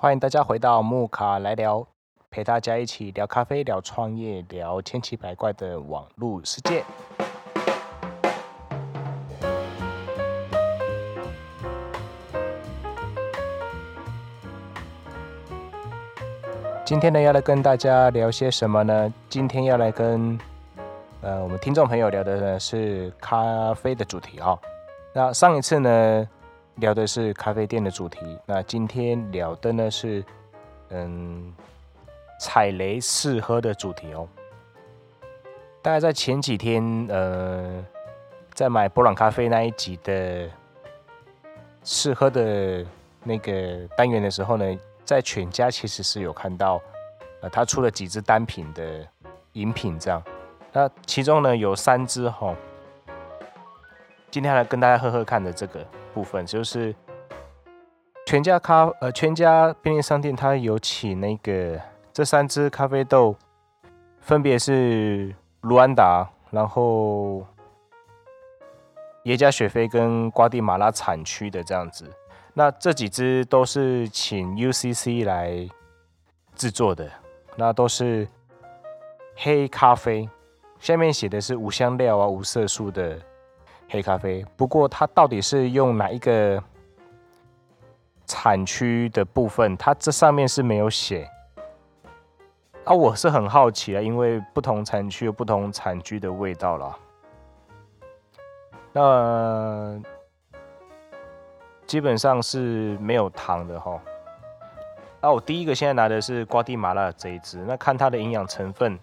歡迎大家回到木卡來聊，陪大家一起聊咖啡、聊創業、聊千奇百怪的網絡世界。今天呢，要來跟大家聊些什麼呢？今天要來跟呃我們聽眾朋友聊的呢是咖啡的主題啊、哦。那上一次呢，聊的是咖啡店的主題，那今天聊的呢是，嗯，踩雷試喝的主題哦。大概在前幾天，呃，在買波浪咖啡那一集的試喝的那個單元的時候呢，在全家其實是有看到，呃，他出了幾支單品的飲品這樣。那其中呢有三支哦，今天來跟大家喝喝看的這個，部分就是全家咖，呃，全家便利商店，它有請那個這三支咖啡豆，分別是盧安達、然後耶加雪菲跟瓜地馬拉產區的這樣子。那這幾支都是請 UCC 來制作的，那都是黑咖啡，下面寫的是無香料啊、無色素的。黑咖啡，不過它到底是用哪一個產區的部分？它這上面是沒有寫啊，我是很好奇啊，因為不同產區有不同產區的味道啦。那基本上是沒有糖的哈。那我第一個現在拿的是瓜地馬拉這一支，那看它的營養成分。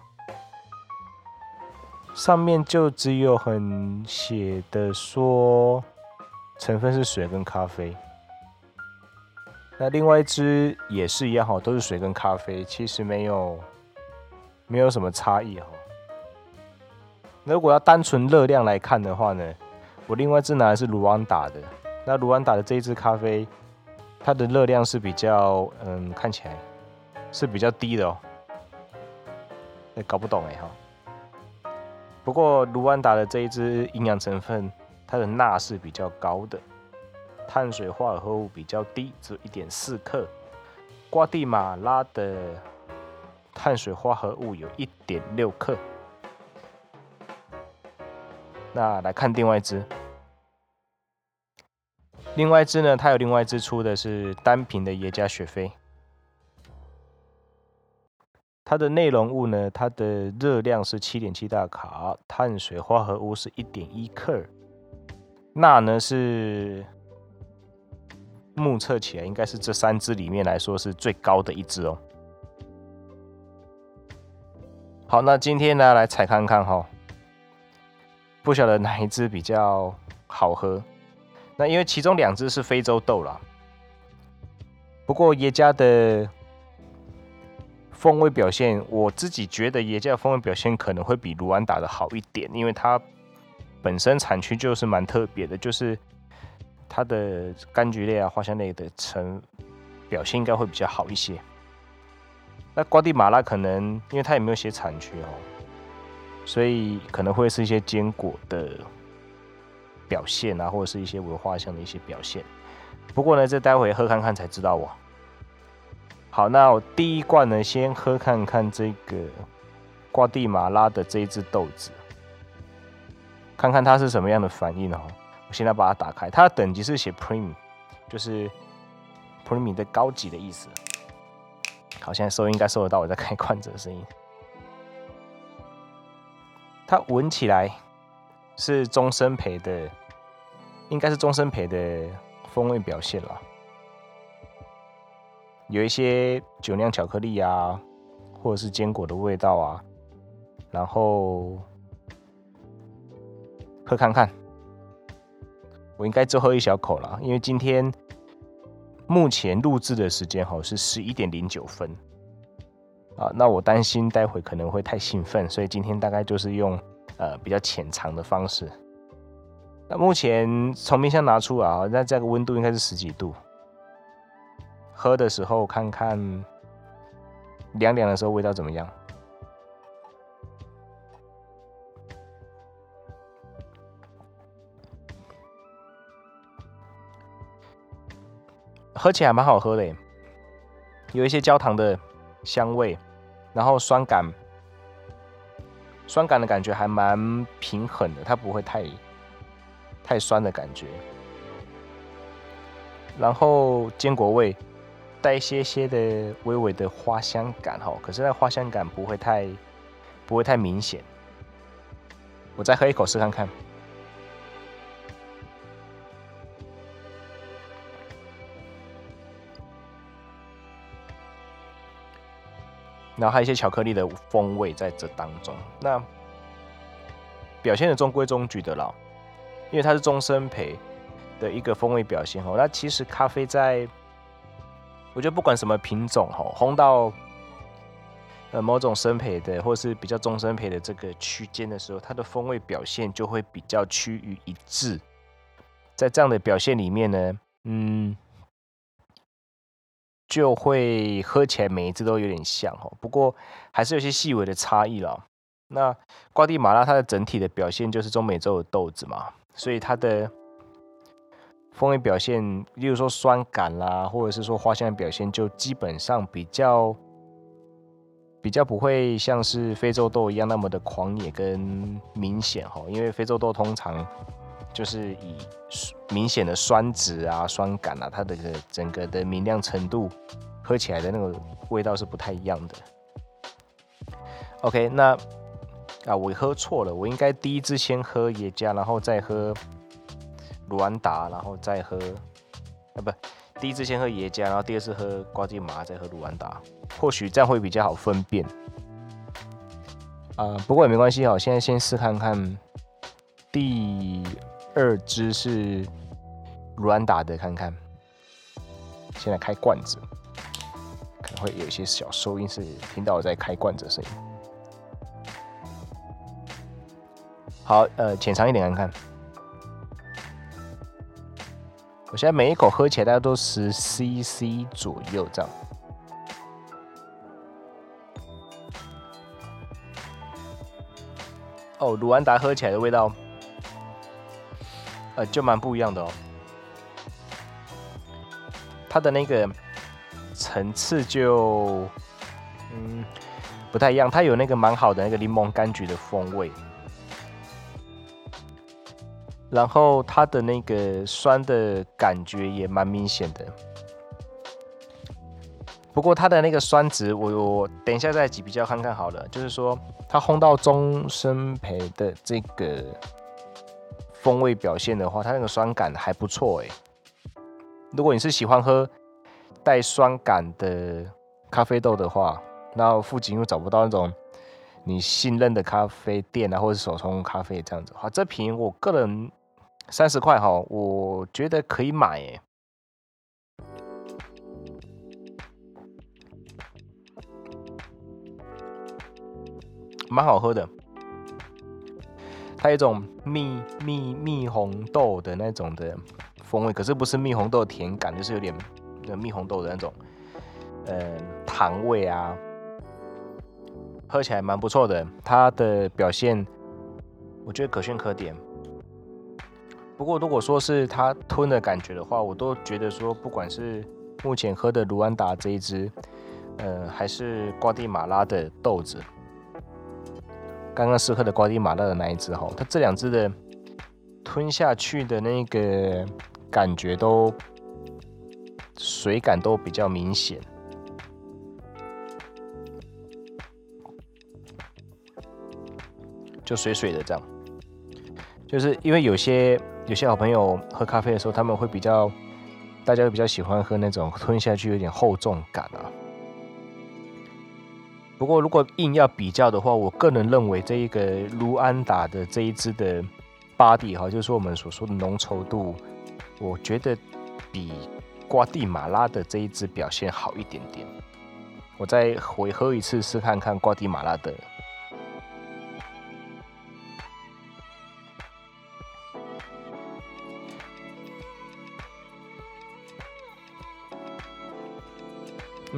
上面就只有很寫的說，成分是水跟咖啡。那另外一支也是一樣哈，都是水跟咖啡，其實沒有，沒有什麼差異哈。如果要單純熱量來看的話呢，我另外一支拿的是盧安達的，那盧安達的這一支咖啡，它的熱量是比較，嗯，看起來是比較低的哦。那，欸，搞不懂哎哈。不過盧安達的這一支營養成分，它的鈉是比較高的，碳水化合物比較低，只有一點四克。瓜地馬拉的碳水化合物有一點六克。那來看另外一支，另外一支呢，它有另外一支出的是單品的耶加雪菲。它的內容物呢？它的熱量是七點七大卡，碳水化合物是一點一克，鈉呢是目測起來應該是這三支裡面來說是最高的一支哦。好，那今天呢來踩看看哈、喔，不曉得哪一支比較好喝。那因為其中兩支是非洲豆啦，不過耶加的。風味表現，我自己覺得耶加風味表現可能會比盧安達的好一點，因為它本身產區就是蠻特別的，就是它的柑橘類啊、花香類的成表現應該會比較好一些。那瓜地馬拉可能因為它也沒有寫產區哦，所以可能會是一些堅果的表現啊，或者是一些文化上的一些表現。不過呢，這待會喝看看才知道哦。好，那我第一罐呢，先喝看看這個瓜地馬拉的這一支豆子，看看它是什麼樣的反應哦。我現在把它打開，它的等級是寫 Prime，就是 Prime 的高級的意思。好，現在收音應該收得到我在開罐子的聲音。它聞起來是中深焙的，應該是中深焙的風味表現啦。有一些酒釀巧克力啊，或者是堅果的味道啊，然後喝看看。我應該最後一小口了，因為今天目前錄製的時間哈是十一點零九分啊。那我擔心待會可能會太興奮，所以今天大概就是用呃比較淺嘗的方式。那目前從冰箱拿出來啊，那這個溫度應該是十幾度。喝的時候看看，涼涼的時候味道怎麼樣？喝起來還蠻好喝的耶，有一些焦糖的香味，然後酸感，酸感的感覺還蠻平衡的，它不會太太酸的感覺，然後堅果味。帶一些些的微微的花香感哈，可是那花香感不會太不會太明顯。我再喝一口試看看。然後還有一些巧克力的風味在這當中，那表現的中規中矩的了，因為它是中深焙的一個風味表現哦。那其實咖啡在。我覺得不管什麼品種，吼，烘到呃某種深焙的，或是比較中深焙的這個區間的時候，它的風味表現就會比較趨於一致。在這樣的表現裡面呢，嗯，就會喝起來每一支都有點像，不過還是有些細微的差異了。那瓜地馬拉它的整體的表現就是中美洲的豆子嘛，所以它的。風味表現，例如說酸感啦、啊，或者是說花香的表現，就基本上比較比較不會像是非洲豆一樣那麼的狂野跟明顯哈。因為非洲豆通常就是以明顯的酸質啊、酸感啊，它的整個的明亮程度，喝起來的那個味道是不太一樣的。OK，那啊，我喝錯了，我應該第一支先喝耶加，然後再喝。盧安達，然後再喝，啊不，第一支先喝耶加，然後第二支喝瓜地馬，再喝盧安達，或許這樣會比較好分辨。啊、呃，不過也沒關係，我現在先試看看，第二支是盧安達的，看看。現在開罐子，可能會有一些小收音，是聽到我在開罐子聲音。好，呃，淺嘗一點，看看。我現在每一口喝起來大概都10 CC 左右這樣，喔。哦，盧安達喝起來的味道，呃，就蠻不一樣的哦，喔。它的那個層次就，嗯，不太一樣。它有那個蠻好的那個檸檬柑橘的風味。然後它的那個酸的感覺也蠻明顯的，不過它的那個酸質我我等一下再擠比較看看好了。就是說它烘到中深焙的這個風味表現的話，它那個酸感還不錯誒。如果你是喜歡喝帶酸感的咖啡豆的話，那附近又找不到那種。你信任的咖啡店啊，或者手沖咖啡這樣子，好，這瓶我個人三十塊哈，我覺得可以買，耶，蠻好喝的。它有一種蜜蜜蜜紅豆的那種的風味，可是，不是蜜紅豆的甜感，就是有點那蜜紅豆的那種，呃、嗯，糖味啊。喝起來蠻不錯的，它的表現我覺得可圈可點。不過如果說是它吞的感覺的話，我都覺得說，不管是目前喝的盧安達這一支，呃，還是瓜地馬拉的豆子，剛剛試喝的瓜地馬拉的那一支哈，它這兩支的吞下去的那個感覺都水感都比較明顯。就水水的這樣，就是因為有些有些好朋友喝咖啡的時候，他們會比較，大家會比較喜歡喝那種吞下去有點厚重感啊。不過如果硬要比較的話，我個人認為這一個盧安達的這一支的 body 哈，就是我們所說的濃稠度，我覺得比瓜地馬拉的這一支表現好一點點。我再回喝一次試看看瓜地馬拉的。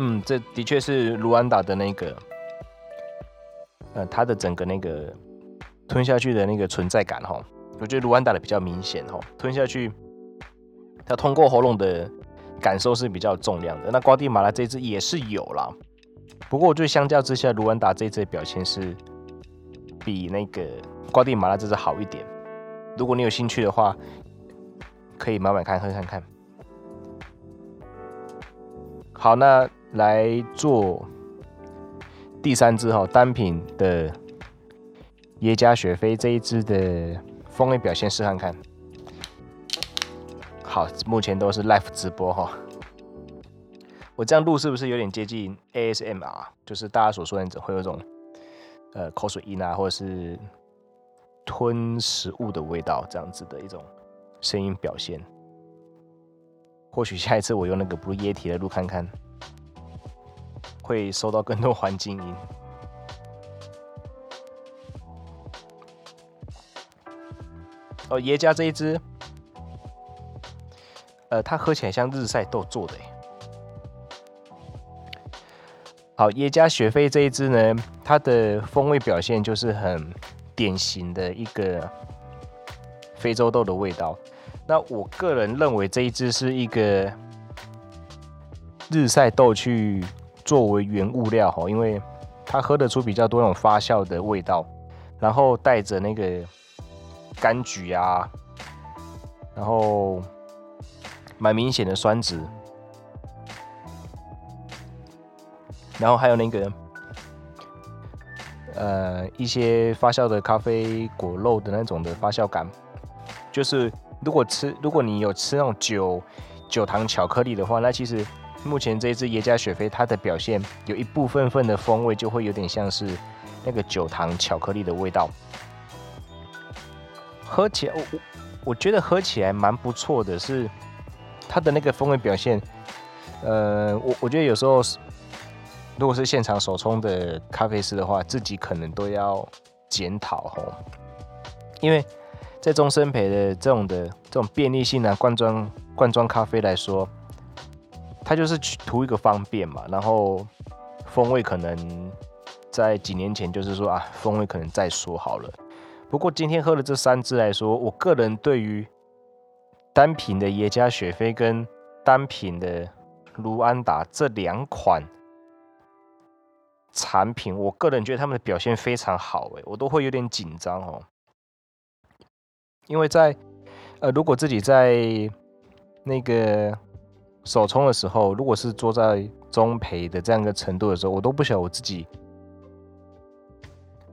嗯，這的確是盧安達的那個，呃，它的整個那個吞下去的那個存在感哈，我覺得盧安達的比較明顯哈，吞下去它通過喉嚨的感受是比較重量的。那瓜地馬拉這只也是有啦，不過我覺得相較之下，盧安達這只的表現是比那個瓜地馬拉這只好一點。如果你有興趣的話，可以買買看，喝看看。好，那。來做第三支哈、喔、單品的耶加雪菲這一支的風味表現，試看看。好，目前都是 live 直播哈、喔。我這樣錄是不是有點接近 ASMR？就是大家所說的總會有一種呃口水音啊，或者是吞食物的味道這樣子的一種聲音表現。或許下一次我用那個不是液體的錄看看。會收到更多環境音。哦，耶加這一支，呃，它喝起來像日曬豆做的耶。好，耶加雪菲這一支呢，它的風味表現就是很典型的一個非洲豆的味道。那我個人認為這一支是一個日曬豆去，作為原物料哈，因為它喝得出比較多那種發酵的味道，然後帶着那個柑橘啊，然後蠻明顯的酸質。然後還有那個呃一些發酵的咖啡果肉的那種的發酵感，就是如果吃，如果你有吃那種酒酒糖巧克力的話，那其實。目前這一支耶加雪菲，它的表現有一部分份的風味就會有點像是那個酒糖巧克力的味道，喝起來我我我覺得喝起來蠻不錯的，是它的那個風味表現。呃，我我覺得有時候如果是現場手沖的咖啡師的話，自己可能都要檢討哦，因為在中深焙的這種的這種便利性啊，罐裝罐裝咖啡來說。它就是去圖一個方便嘛，然後風味可能在幾年前就是說啊，風味可能再說好了。不過今天喝了這三支來說，我個人對於單品的耶加雪菲跟單品的盧安達這兩款產品，我個人覺得他們的表現非常好，誒，我都會有點緊張哦，因為在呃，如果自己在那個。手沖的時候，如果是坐在中焙的這樣一個程度的時候，我都不曉得我自己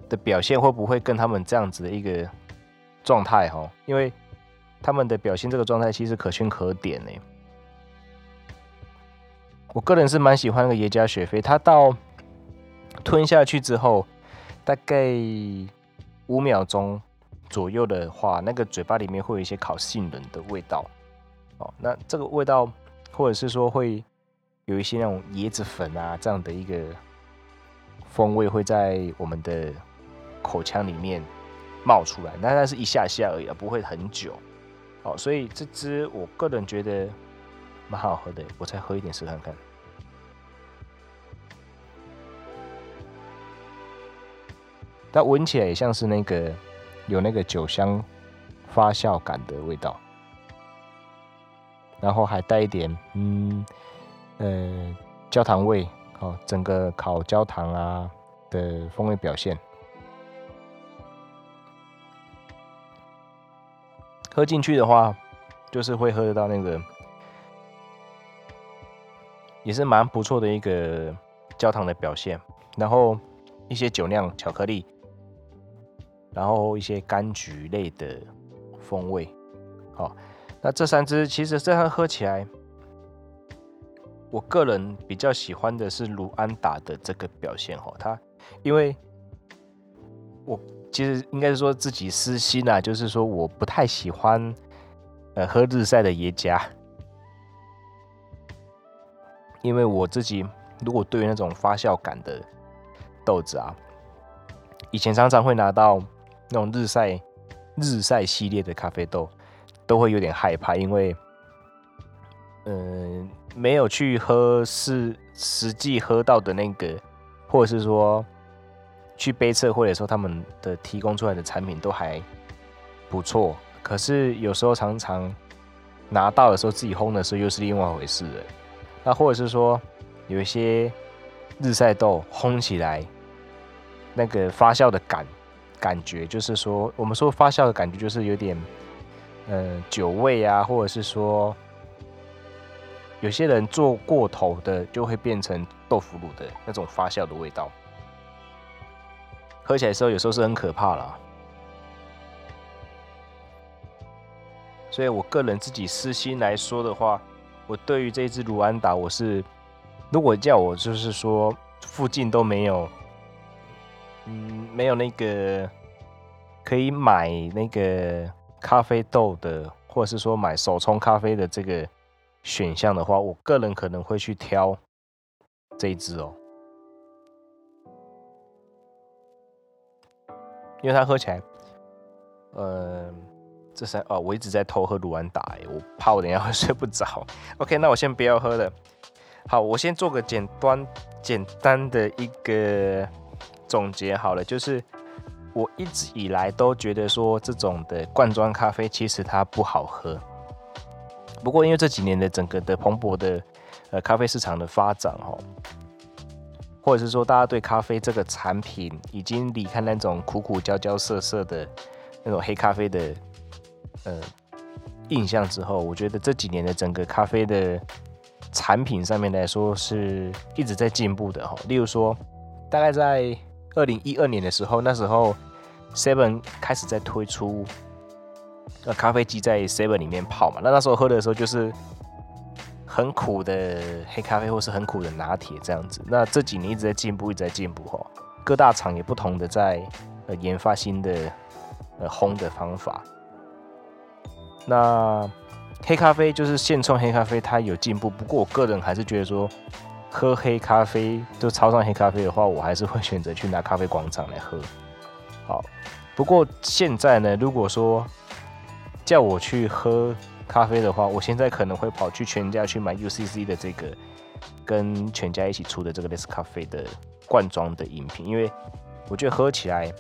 的表現會不會跟他們這樣子的一個狀態哦，因為他們的表現這個狀態其實可圈可點呢。我個人是蠻喜歡那個耶加雪菲，它到吞下去之後，大概五秒鐘左右的話，那個嘴巴裡面會有一些烤杏仁的味道哦，那這個味道。或者是說會有一些那種椰子粉啊這樣的一個風味會在我們的口腔裡面冒出來，那那是一下下而已，不會很久。好，所以這支我個人覺得蠻好喝的，我再喝一點試看看。它聞起來也像是那個有那個酒香發酵感的味道。然後還帶一點，嗯，呃，焦糖味，好，整個烤焦糖啊的風味表現。喝進去的話，就是會喝得到那個，也是蠻不錯的一個焦糖的表現。然後一些酒釀巧克力，然後一些柑橘類的風味，好、哦。那這三支其實這樣喝起來，我個人比較喜歡的是盧安達的這個表現哈。它因為我其實應該是說自己私心啊，就是說我不太喜歡呃喝日曬的耶加。因為我自己如果對於那種發酵感的豆子啊，以前常常會拿到那種日曬日曬系列的咖啡豆。都會有點害怕，因為，嗯、呃，沒有去喝是實際喝到的那個，或者是說去杯測，或者說他們的提供出來的產品都還不錯，可是有時候常常拿到的時候，自己烘的時候又是另外一回事的。那或者是說有一些日曬豆烘起來，那個發酵的感感覺，就是說我們說發酵的感覺就是有點。呃、嗯，酒味啊，或者是說，有些人做過頭的，就會變成豆腐乳的那種發酵的味道，喝起來的時候有時候是很可怕啦。所以我個人自己私心來說的話，我對於這支盧安達，我是如果叫我就是說附近都沒有，嗯，沒有那個可以買那個。咖啡豆的，或是說買手沖咖啡的這個選項的話，我個人可能會去挑這一支哦，因為它喝起來，嗯，這是哦，我一直在偷喝盧安達哎，我怕我等一下會睡不着。OK，那我先不要喝了，好，我先做個簡單、簡單的一個總結好了，就是。我一直以來都覺得說，這種的罐裝咖啡其實它不好喝，不過因為這幾年的整個的蓬勃的呃咖啡市場的發展哦，或者是說大家對咖啡這個產品已經離開那種苦苦焦焦澀澀的那種黑咖啡的呃印象之後，我覺得這幾年的整個咖啡的產品上面來說是一直在進步的哈。例如說，大概在。二零一二年的時候，那時候 Seven 開始在推出咖啡機在 Seven 裡面泡嘛。那那時候喝的時候就是很苦的黑咖啡，或是很苦的拿鐵這樣子。那這幾年一直在進步，一直在進步哈。各大廠也不同的在研發新的烘的方法。那黑咖啡就是現沖黑咖啡，它有進步。不過我個人還是覺得說。喝黑咖啡，就超商黑咖啡的話，我還是會選擇去拿咖啡廣場來喝。好，不過現在呢，如果說叫我去喝咖啡的話，我現在可能會跑去全家去買 UCC 的這個跟全家一起出的這個 Let's Café 咖啡的罐裝的飲品，因為我覺得喝起來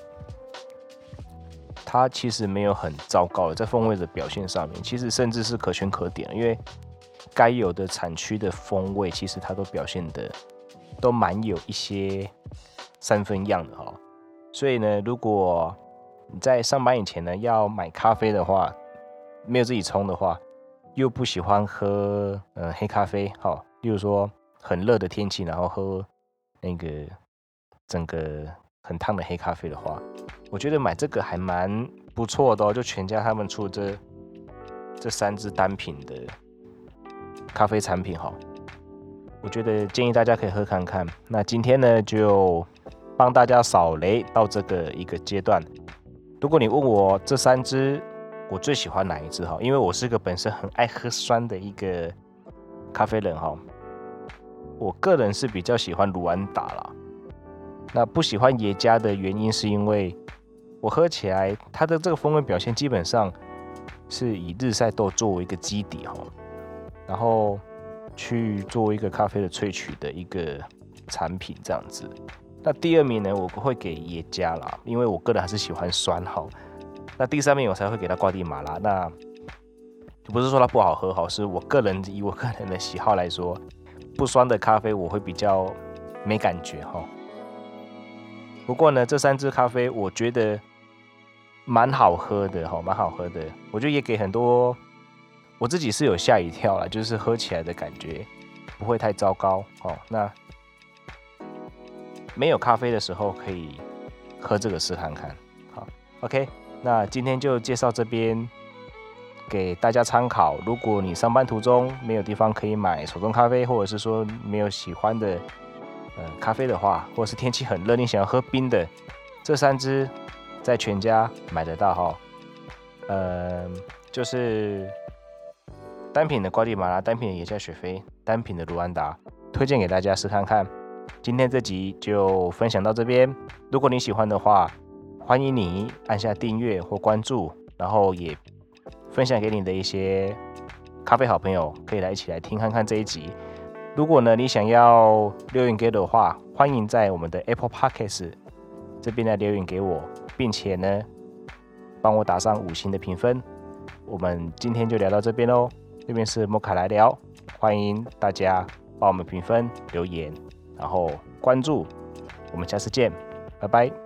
它其實沒有很糟糕的，在風味的表現上面，其實甚至是可圈可點，因為。該有的產區的風味，其實它都表現得都蠻有一些三分樣的哦，所以呢，如果你在上班以前呢要買咖啡的話，沒有自己沖的話，又不喜歡喝嗯、呃、黑咖啡，好、哦，例如說很熱的天氣，然後喝那個整個很燙的黑咖啡的話，我覺得買這個還蠻不錯的哦。就全家他們出這這三支單品的。咖啡產品哈，我覺得建議大家可以喝看看。那今天呢，就幫大家掃雷到這個一個階段。如果你問我這三支我最喜歡哪一支哈，因為我是一個本身很愛喝酸的一個咖啡人哈，我個人是比較喜歡盧安達啦。那不喜歡耶加的原因是因為我喝起來它的這個風味表現基本上是以日曬豆作為一個基底哈。然後去做一個咖啡的萃取的一個產品這樣子。那第二名呢，我會給耶加啦，因為我個人還是喜歡酸哈，那第三名我才會給他瓜地馬拉，那就不是說它不好喝哈，是我個人以我個人的喜好來說，不酸的咖啡我會比較沒感覺哈。不過呢，這三支咖啡我覺得蠻好喝的哈，蠻好喝的，我覺得也給很多。我自己是有嚇一跳了，就是喝起來的感覺不會太糟糕哦。那沒有咖啡的時候可以喝這個試看看。好，OK，那今天就介紹這邊給大家參考。如果你上班途中沒有地方可以買手沖咖啡，或者是說沒有喜歡的呃咖啡的話，或者是天氣很熱你想要喝冰的，這三支在全家買得到。哈、哦，嗯、呃，就是。單品的瓜地馬拉，單品的耶加雪菲，單品的盧安達，推薦給大家試看看。今天這集就分享到這邊。如果你喜歡的話，歡迎你按下訂閱或關注，然後也分享給你的一些咖啡好朋友，可以來一起來聽看看這一集。如果呢你想要留言給我的話，歡迎在我們的 Apple Podcasts 這邊來留言給我，並且呢幫我打上五星的評分。我們今天就聊到這邊嘍。這邊是摩卡來聊，歡迎大家幫我們評分、留言，然後關注，我們下次見，拜拜。